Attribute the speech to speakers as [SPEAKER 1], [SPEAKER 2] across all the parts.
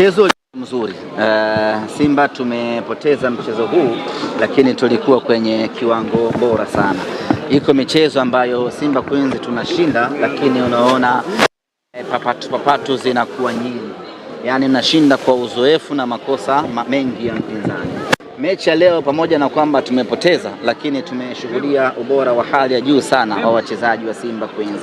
[SPEAKER 1] Mchezo mzuri. Uh, Simba tumepoteza mchezo huu, lakini tulikuwa kwenye kiwango bora sana. Iko michezo ambayo Simba Queens tunashinda, lakini unaona eh, papatu, papatu zinakuwa nyingi, yaani mnashinda kwa uzoefu na makosa mengi ya mpinzani. Mechi ya leo, pamoja na kwamba tumepoteza, lakini tumeshuhudia ubora wa hali ya juu sana wa wachezaji wa Simba Queens,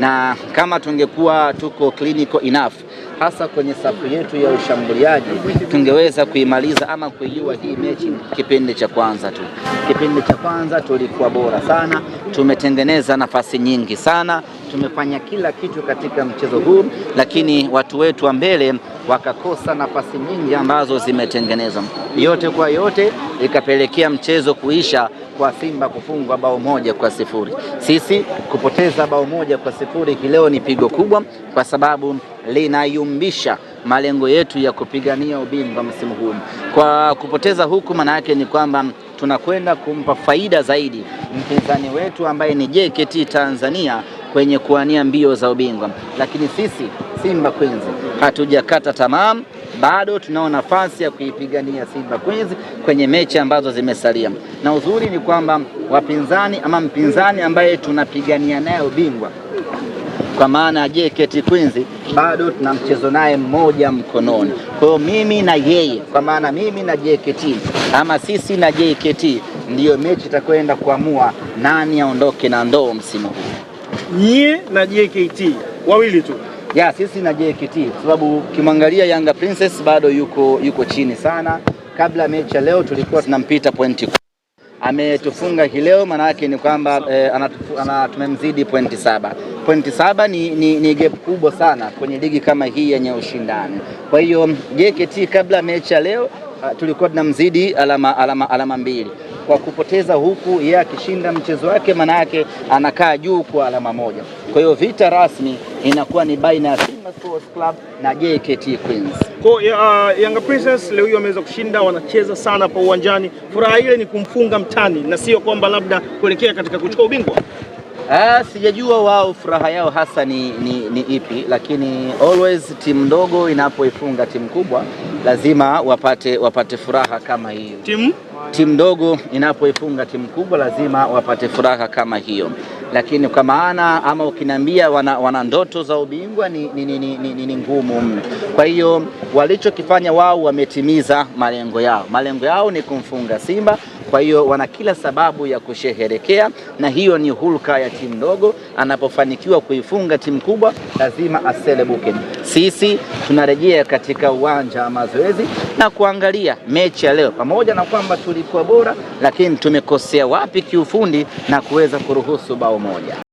[SPEAKER 1] na kama tungekuwa tuko clinical enough hasa kwenye safu yetu ya ushambuliaji tungeweza kuimaliza ama kuijua hii mechi kipindi cha kwanza tu. Kipindi cha kwanza tulikuwa bora sana, tumetengeneza nafasi nyingi sana, tumefanya kila kitu katika mchezo huu, lakini watu wetu wa mbele wakakosa nafasi nyingi ambazo zimetengenezwa. Yote kwa yote ikapelekea mchezo kuisha kwa Simba kufungwa bao moja kwa sifuri. Sisi kupoteza bao moja kwa sifuri kileo ni pigo kubwa, kwa sababu linayumbisha malengo yetu ya kupigania ubingwa msimu huu. Kwa kupoteza huku, maana yake ni kwamba tunakwenda kumpa faida zaidi mpinzani wetu ambaye ni JKT Tanzania kwenye kuwania mbio za ubingwa, lakini sisi Simba Queens hatujakata tamam bado tunao nafasi ya kuipigania Simba Queens kwenye mechi ambazo zimesalia, na uzuri ni kwamba wapinzani ama mpinzani ambaye tunapigania naye ubingwa kwa maana ya JKT Queens bado tuna mchezo naye mmoja mkononi. Kwa hiyo mimi na yeye, kwa maana mimi na JKT ama sisi na JKT, ndiyo mechi itakwenda kuamua nani aondoke na ndoo msimu huu
[SPEAKER 2] nyie na JKT wawili tu
[SPEAKER 1] ya sisi na JKT kwa sababu kimwangalia Yanga Princess bado yuko, yuko chini sana. Kabla mechi ya leo tulikuwa tunampita pointi ametufunga hii leo, maana yake ni kwamba eh, tumemzidi pointi saba. Pointi saba ni, ni, ni gap kubwa sana kwenye ligi kama hii yenye ushindani. Kwa hiyo JKT kabla mechi ya leo ah, tulikuwa tunamzidi alama, alama, alama mbili kwa kupoteza huku yeye akishinda mchezo wake, maana yake anakaa juu kwa alama moja. Kwa hiyo vita rasmi inakuwa ni baina ya Simba Sports Club na JKT Queens.
[SPEAKER 2] Kwa uh, Yanga Princess leo hiyo wameweza kushinda, wanacheza sana pa uwanjani. Furaha ile ni kumfunga mtani na sio kwamba labda kuelekea katika kuchukua ubingwa.
[SPEAKER 1] Ah, sijajua wao furaha yao hasa ni, ni, ni ipi, lakini always timu ndogo inapoifunga timu kubwa lazima wapate, wapate furaha kama hiyo. Timu timu ndogo inapoifunga timu kubwa lazima wapate furaha kama hiyo, lakini kwa maana ama ukiniambia wana, wana ndoto za ubingwa ni, ni, ni, ni, ni, ni ngumu Kwa hiyo walichokifanya wao wametimiza malengo yao, malengo yao ni kumfunga Simba kwa hiyo wana kila sababu ya kusherehekea, na hiyo ni hulka ya timu ndogo. Anapofanikiwa kuifunga timu kubwa, lazima aselebuke. Sisi tunarejea katika uwanja wa mazoezi na kuangalia mechi ya leo, pamoja na kwamba tulikuwa bora, lakini tumekosea wapi kiufundi na kuweza kuruhusu bao moja.